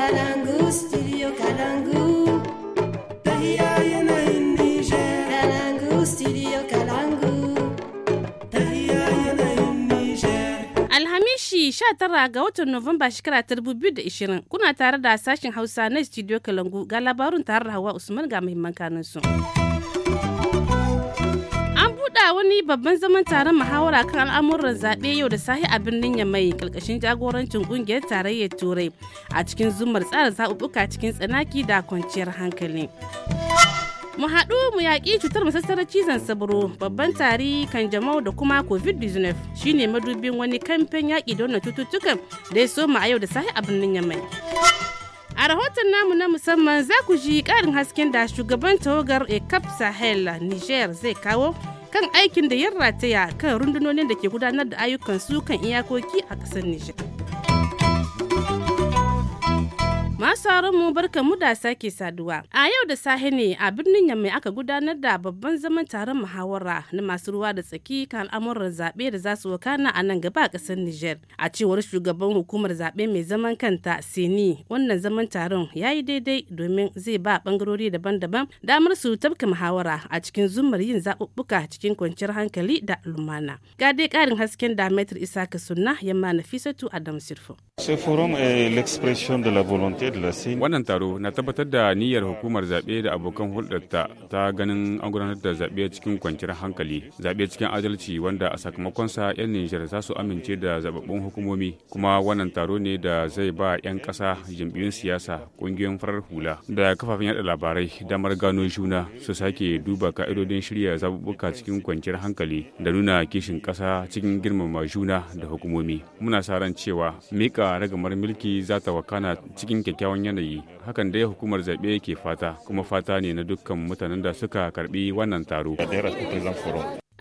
Kalangu, studio Kalangu. Alhamishi 19 ga watan Nuwamba shekara ta 2020 kuna tare da sashen Hausa na studio Kalangu ga labarun tare da Hawa Usman ga muhimman kanunsu. wani babban zaman taron muhawara kan al'amuran zaɓe yau da sahi a birnin Yamai ƙarƙashin jagorancin ƙungiyar tarayyar Turai a cikin zumar tsara zaɓuɓɓuka cikin tsanaki da kwanciyar hankali. Mu haɗu mu yaƙi cutar masassarar cizon sabro babban tari kan jamau da kuma covid-19 shine madubin wani kamfen yaƙi don wannan cututtukan da ya soma a yau da sahi a birnin Yamai. a rahoton namu na musamman za ku ji karin hasken da shugaban tawagar cap sahel niger zai kawo kan aikin da ya rataya kan rundunonin da ke gudanar da ayyukan su kan iyakoki a ƙasar Nijar. Masu mu barka mu da sake saduwa. A yau da sahi ne a birnin yamma aka gudanar da babban zaman taron muhawara na masu ruwa da tsaki kan al'amuran zaɓe da za su wakana a nan gaba a ƙasar Nijar. A cewar shugaban hukumar zaɓe mai zaman kanta Sini, wannan zaman taron ya yi daidai domin zai ba ɓangarori daban-daban damar su tafka muhawara a cikin zumar yin zaɓuɓɓuka cikin kwanciyar hankali da lumana. Ga dai ƙarin hasken da Metri Isaka Sunna yamma Nafisatu Adam Sirfo. Ce forum est l'expression de la volonté Wannan taro na tabbatar da niyyar hukumar zaɓe da abokan hulɗarta ta ganin an gudanar da zaɓe cikin kwanciyar hankali, zaɓe cikin adalci wanda a sakamakonsa 'yan Nijar za su amince da zababbun hukumomi. Kuma wannan taro ne da zai ba 'yan ƙasa, jam'iyyun siyasa, ƙungiyoyin farar hula da kafafen yaɗa labarai damar gano juna su sake duba ka'idodin shirya zaɓuɓɓuka cikin kwanciyar hankali da nuna kishin ƙasa cikin girmama juna da hukumomi. Muna sa ran cewa mika ragamar mulki za ta wakana cikin kyakkyawan kyakkyawan yanayi hakan dai hukumar zaɓe ke fata kuma fata ne na dukkan mutanen da suka karbi wannan taro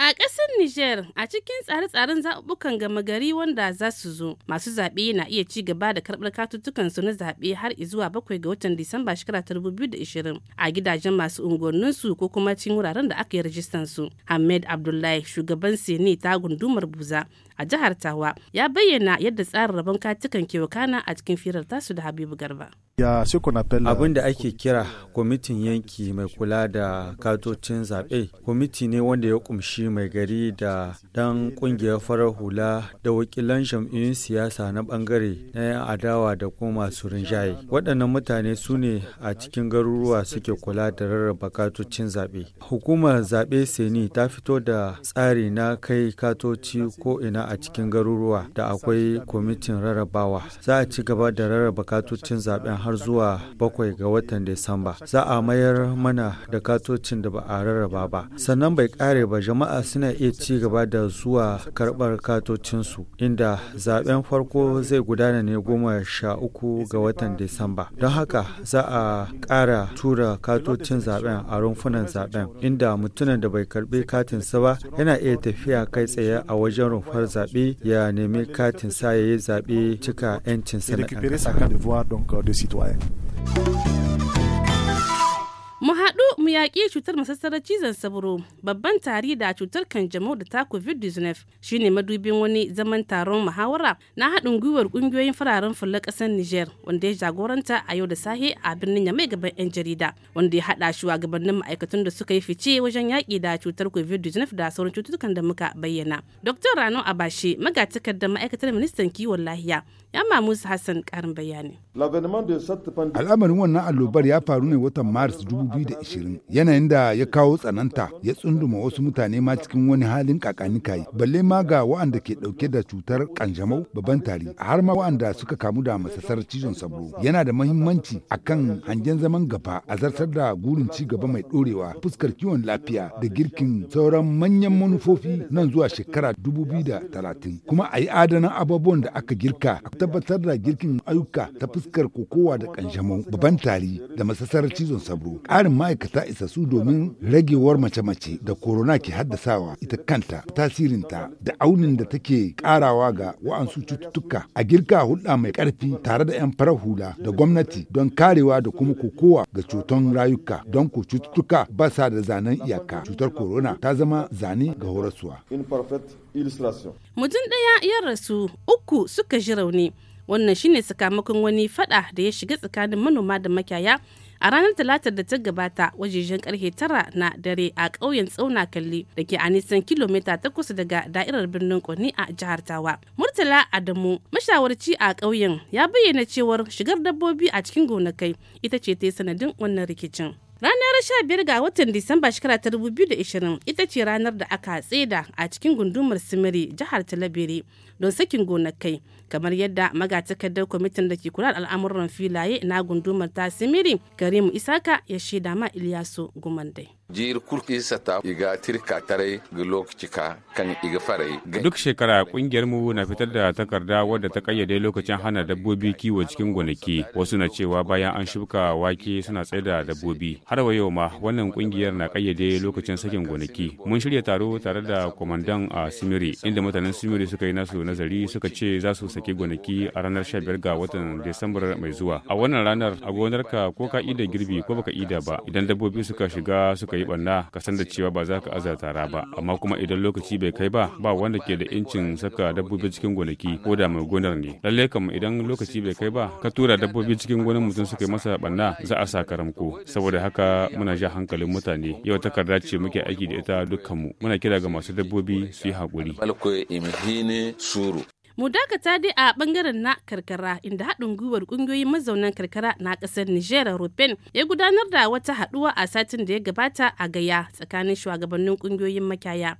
A ƙasar Nijar, a cikin tsare-tsaren zaɓuɓɓukan gama gari wanda za su zo, masu zaɓe na iya ci gaba da karɓar katuttukansu na zaɓe har zuwa bakwai ga watan Disamba shekara ta ishirin a gidajen masu unguwannin su ko kuma cikin wuraren da aka yi rajistan su. Ahmed Abdullahi, shugaban sene ta gundumar Buza, a jihar Tawa ya bayyana yadda tsarin rabon katukan ke wakana a cikin firar tasu da Habibu Garba. Uh, abin da ake kira kwamitin yanki mai kula da katocin zaɓe kwamiti ne wanda ya kumshi mai gari da ɗan ƙungiyar farar hula da wakilan jam'iyyun siyasa na ɓangare na 'yan adawa da kuma masu rinjaye waɗannan mutane su ne a cikin garuruwa suke kula da rarraba katocin zaɓe hukumar zaɓe seni ta fito da tsari na kai katoci ko ina a cikin garuruwa da akwai kwamitin rarrabawa. Za a ci gaba da rarraba katocin zaben har zuwa bakwai ga watan Disamba. Za a mayar mana da katocin da ba a rarraba ba. Sannan bai kare ba jama'a suna iya ci gaba da zuwa karɓar katocinsu inda zaben farko zai gudana ne goma sha uku ga watan Disamba. Don haka za a ƙara tura katocin zaben a rumfunan zaben inda mutumin da bai karɓi katinsa ba yana iya tafiya kai tsaye a wajen rumfar zaben. zaɓe ya nemi katin sa ya yi zaɓe cika 'yancin sa na ɗan ƙasa. mu yaƙi cutar masassarar cizon sabro babban tari da cutar kanjamau da ta covid-19 shine madubin wani zaman taron muhawara na haɗin gwiwar ƙungiyoyin fararen fulla ƙasar niger wanda ya jagoranta a yau da sahe a birnin yamai gaban 'yan jarida wanda ya haɗa gabanin ma'aikatan da suka yi fice wajen yaƙi da cutar covid-19 da sauran cututtukan da muka bayyana dr rano abashe da ma'aikatar ministan kiwon lahiya ya musa hassan karin bayani al'amarin wannan allobar ya faru ne watan maris 2020 yanayin da ya kawo tsananta ya tsunduma wasu mutane ma cikin wani halin yi. balle ma ga wa'anda ke ɗauke da cutar kanjamau babban tari har ma wa'anda suka kamu da masasar cizon sabro yana da mahimmanci a kan hangen zaman gaba a zartar da gurin ci gaba mai dorewa fuskar kiwon lafiya da girkin sauran manyan manufofi nan zuwa shekara 2030 kuma a yi adanan abubuwan da aka girka tabbatar da girkin ayyuka ta fuskar kokowa da kanjamau babban tari da masasar cizon sabro ƙarin ma'aikata isa su domin ragewar mace-mace da corona ke haddasawa ita kanta tasirinta da aunin da take ƙarawa ga wa'ansu cututtuka a girka hulɗa mai ƙarfi tare da 'yan farar hula da gwamnati don karewa da kuma kokowa ga cuton rayuka don ko cututtuka ba sa da zanen iyaka cutar corona ta zama zane ga horaswa. illustration mutum ɗaya ya rasu uku suka ji rauni wannan shine sakamakon wani fada da ya shiga tsakanin manoma da makiyaya a ranar talatar da ta gabata wajejen karfe tara na dare a ƙauyen tsauna kalli da ke a nisan kilomita takwas daga da'irar birnin kwani a jihar tawa murtala adamu mashawarci a ƙauyen ya bayyana cewar shigar dabbobi a cikin gonakai ita ce ta yi sanadin wannan rikicin Ranar 15 ga watan Disamba shekara ta 2020 ita ce ranar da aka tseda a cikin gundumar Simiri jihar Talabere don sakin gonakai kamar yadda magatakardar kwamitin da ke kula da al'amuran filaye na gundumar ta Simiri Karimu Isaka ya shaida ma Ilyasu Gumandai. jir kurkisa ta iga tirka tare ga lokaci ka kan iga farai. Duk shekara kungiyar mu na fitar da takarda wadda ta kayyade lokacin hana dabbobi kiwo cikin gonaki. Wasu na cewa bayan an shuka wake suna tsaye da dabbobi. Har wa yau ma wannan kungiyar na kayyade lokacin sakin gonaki. Mun shirya taro tare da kwamandan a Simiri inda mutanen Simiri suka yi nasu nazari suka ce za su saki gonaki a ranar 15 ga watan Desambar mai zuwa. A wannan ranar a gonarka ko ka ida girbi ko baka ida ba idan dabbobi suka shiga suka yi ɓanna ka san da cewa ba za ka aza tara ba amma kuma idan lokaci bai kai ba ba wanda ke da incin saka dabbobi cikin gonaki ko da mai gonar ne lalle kam idan lokaci bai kai ba ka tura dabbobi cikin gonar mutum suka yi masa ɓanna za a sa karamko saboda haka muna ja hankalin mutane yau takarda ce muke aiki da ita dukkanmu muna kira ga masu dabbobi su yi haƙuri. mu dakata dai a bangaren na karkara inda haɗin gwiwar ƙungiyoyin mazaunan karkara na ƙasar nijar rufin ya gudanar da wata haɗuwa a satin da ya gabata a gaya tsakanin shugabannin ƙungiyoyin makiyaya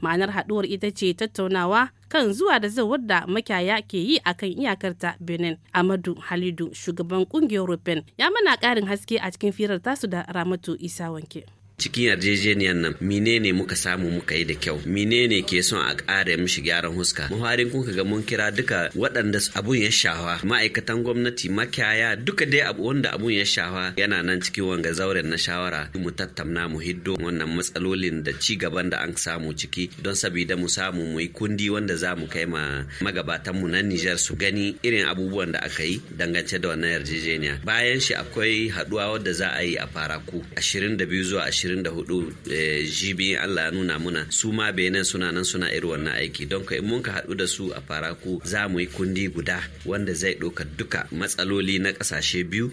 ma'anar haɗuwar ita ce tattaunawa kan zuwa da zawar da makiyaya ke yi a kan iyakarta benin amadu halidu shugaban ƙungiyar rufin ya mana ƙarin haske a cikin firar tasu da ramatu isa wanke. cikin yarjejeniyar nan menene muka samu muka yi da kyau menene ke son a ƙara mishi gyaran huska muharin kun ga mun kira duka waɗanda abun ya shawa ma'aikatan gwamnati makiyaya duka dai abu wanda abun ya shawa yana nan cikin wanga zauren na shawara mu tattauna mu hiddo wannan matsalolin da ci gaban da an samu ciki don sabida mu samu mu yi kundi wanda za mu kai ma magabatan mu na Nijar su gani irin abubuwan da aka yi dangance da wannan yarjejeniya bayan shi akwai haduwa wadda za a yi a faraku 22 zuwa 20 da hudu eh, jibi Allah ya nuna muna su ma benin suna nan suna iri wannan aiki don ka mun ka haɗu da su a faraku za mu yi kundi guda wanda zai ɗauka duka matsaloli na kasashe biyu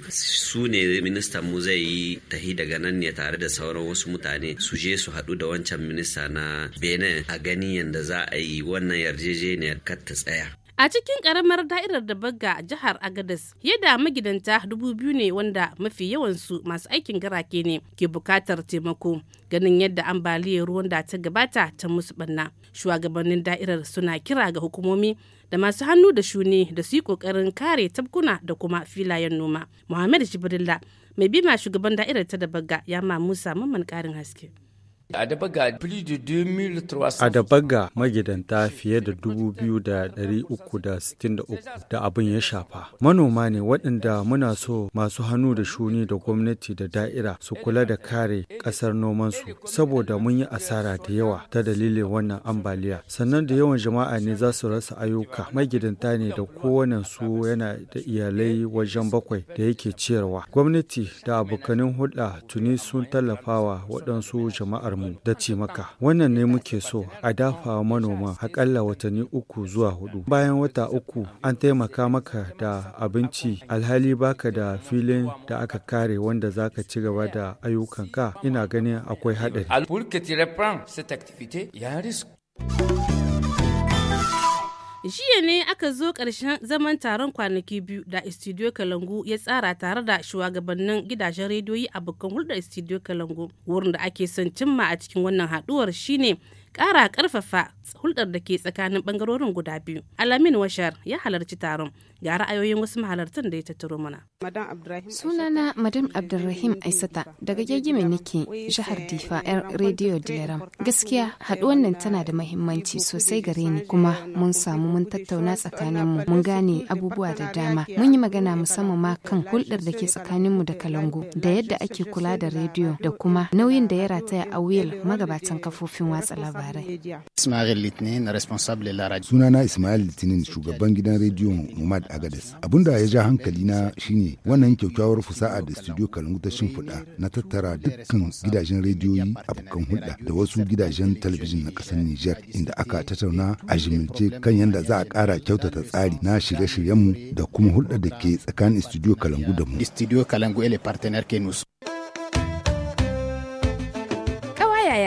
su ne ministan mu zai yi tahi daga nan ne tare da sauran wasu mutane su je su haɗu da wancan minista na benin a gani yadda za a yi wannan yarjejeniyar kar ta tsaya A cikin karamar da'irar da bagga jihar Agadez, yadda magidanta dubu biyu ne wanda mafi yawansu masu aikin garake ne ke bukatar taimako ganin yadda ambaliyar ruwan da ta gabata ta musu banna. Shugabannin da'irar suna kira ga hukumomi da masu hannu da shuni da su yi kokarin kare tabkuna da kuma filayen noma. Muhammad Jibrilla mai bima shugaban da'irar ta da bagga ya ma Musa mamman karin haske. A da baga magidanta fiye da 2,363 da abin ya shafa. Manoma ne waɗanda muna so masu hannu da shuni da gwamnati da da'ira su kula da kare ƙasar nomansu saboda mun yi asara da yawa ta dalilin wannan ambaliya. Sannan da yawan jama'a ne za su rasa ayyuka. Magidanta ne da kowane su yana da iyalai wajen bakwai da yake ciyarwa. Gwamnati da abokanin hulɗa tuni sun tallafawa waɗansu jama'ar mu da cimaka. Wannan ne muke so a dafa manoma akalla watanni uku zuwa hudu. Bayan wata uku an taimaka maka da abinci alhali baka da filin da aka kare wanda za ka ci gaba da ayyukanka ina ganin akwai haɗari. jiya ne aka zo ƙarshen zaman taron kwanaki biyu da studio kalangu ya tsara tare da shugabannin gidajen rediyoyi a bukkan hulɗar studio kalangu wurin da ake son cimma a cikin wannan haɗuwar shine ƙara ƙarfafa hulɗar da ke tsakanin ɓangarorin guda biyu alamin washar ya halarci taron ga ra'ayoyin wasu mahalartan da ya tattaro mana Sunana Madam Abdulrahim Aisata daga Gegime nake jihar Difa yar Radio Dilaram. Gaskiya haɗuwan nan tana da mahimmanci sosai gare ni kuma mun samu mun tattauna tsakaninmu mun gane abubuwa da dama. Mun yi magana musamman ma kan hulɗar da ke tsakaninmu da kalangu da yadda ake kula da rediyo da kuma nauyin da ya rataya a wuyar magabatan kafofin watsa labarai. Ismail Sunana Ismail Litinin shugaban gidan rediyon Mumad Agadez. Abunda ya ja hankali na shine ne wannan kyakkyawar fusa'a da studio kalangu ta shimfiɗa na tattara dukkan gidajen rediyoyi abokan hulɗa da wasu gidajen talabijin na ƙasar Nijar inda aka tattauna a jimince kan yadda za a ƙara kyautata tsari na shirye-shiryenmu da kuma hulɗa da ke tsakanin studio kalangu da mu. Studio kalangu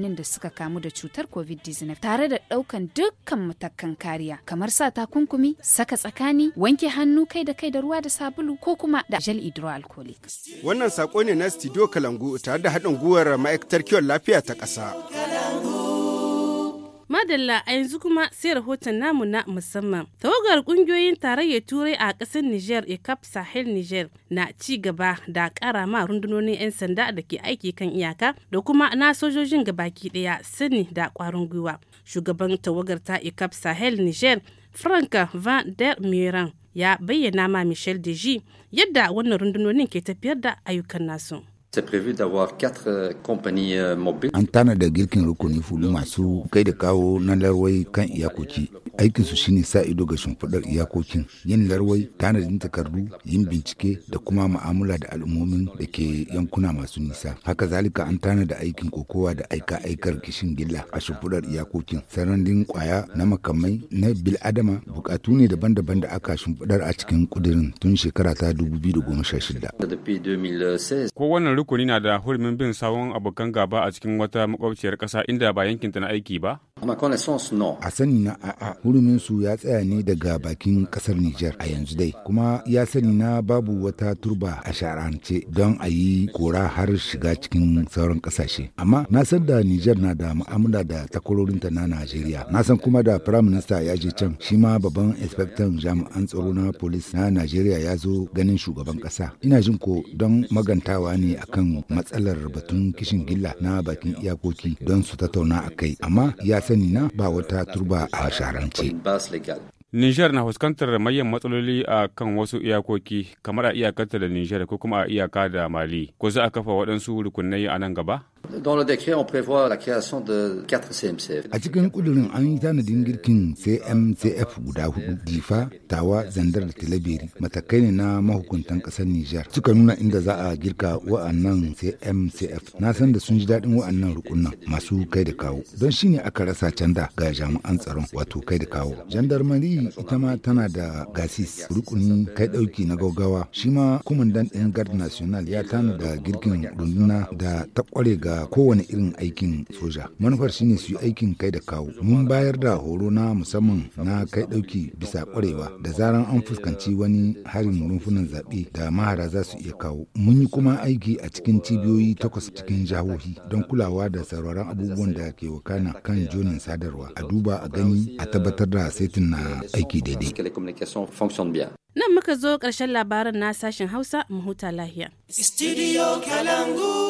mutanen da suka kamu da cutar covid-19 tare da ɗaukan dukkan matakan kariya kamar sa takunkumi saka tsakani wanke hannu kai da kai da ruwa da sabulu ko kuma da gel hydroalcoholic wannan sako ne na studio kalangu tare da haɗin guwar ma'aikatar kiwon lafiya ta ƙasa. Madalla a yanzu kuma sai rahoton namu na musamman. Tawagar kungiyoyin tarayyar Turai a ƙasar Niger Ecap Sahel Niger na ci gaba da kara ma rundunonin 'yan sanda da ke aiki kan iyaka da kuma na sojojin gabaki daya sani da ƙwarin gwiwa. Shugaban tawagar ta Ecap Sahel Niger Frank Van der Muren ya bayyana ma Michel Deji yadda wannan rundunonin ke tafiyar da ayyukan nasu. C'est prévu d'avoir quatre euh, compagnies euh, mobiles. An tana da girkin rukuni fulu masu kai da kawo na larwai kan iyakoki. aikinsu su shine sa ido ga shimfiɗar iyakokin, yin larwai, tanadin takardu, yin bincike da kuma ma'amala da al'ummomin da ke yankuna masu nisa. Haka zalika an tana da aikin kokowa da aika aikar kishin gilla a shimfiɗar iyakokin. Sarandin kwaya na makamai na bil'adama bukatu ne daban-daban da aka shimfiɗar a cikin kudirin tun shekara ta 2016. Ko wannan rukuni na da hurumin bin sawon abokan gaba a cikin wata makwabciyar ƙasa inda ba yankinta na aiki ba? A sani na a hurumin su ya tsaya ne daga bakin kasar niger a yanzu dai kuma ya sani na babu wata turba a shara'ance don a yi kora har shiga cikin sauran kasashe. Amma na san da niger na da mu'amala da takwarorinta na Najeriya. Na san kuma da Prime Minister ya je can shi ma babban inspector jami'an tsaro na polis na Najeriya ya zo ganin shugaban kasa. Ina jin ko don magantawa ne akan matsalar batun kishin gilla na bakin iyakoki don su tattauna a kai. Amma ya sani na ba wata turba a shaharance. niger na fuskantar manyan matsaloli a kan wasu iyakoki kamar a iyakarta da niger ko kuma a iyaka da Mali ko za a kafa waɗansu rukunai a nan gaba? A cikin kudurin an yi tanadin girkin CMCF guda hudu, Difa, Tawa, Zandar da Talabiri, matakai ne na mahukuntan kasar Nijar. Suka nuna inda za a girka wa'annan CMCF. Na san da sun ji daɗin wa'annan rukunan masu kai da kawo. Don shine aka rasa canda ga jami'an tsaron wato kai da kawo. Jandarmari ita ma tana da gasis rukunin kai ɗauki na gaugawa. Shi ma kumandan ɗin Gard National ya tanada girkin runduna da ta kware ga ga kowane irin aikin soja manufar shine su yi aikin kai da kawo mun bayar da horo na musamman na kai dauki bisa kwarewa da zaran an fuskanci wani harin rumfunan zaɓe da mahara za su iya kawo mun yi kuma aiki a cikin cibiyoyi takwas cikin jahohi don kulawa da sauraron abubuwan da ke wakana kan jonin sadarwa a duba a gani a tabbatar da saitin na aiki daidai nan muka zo ƙarshen labarin na sashen hausa mu huta lahiya. Studio Kalangu.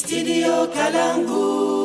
studio kalangu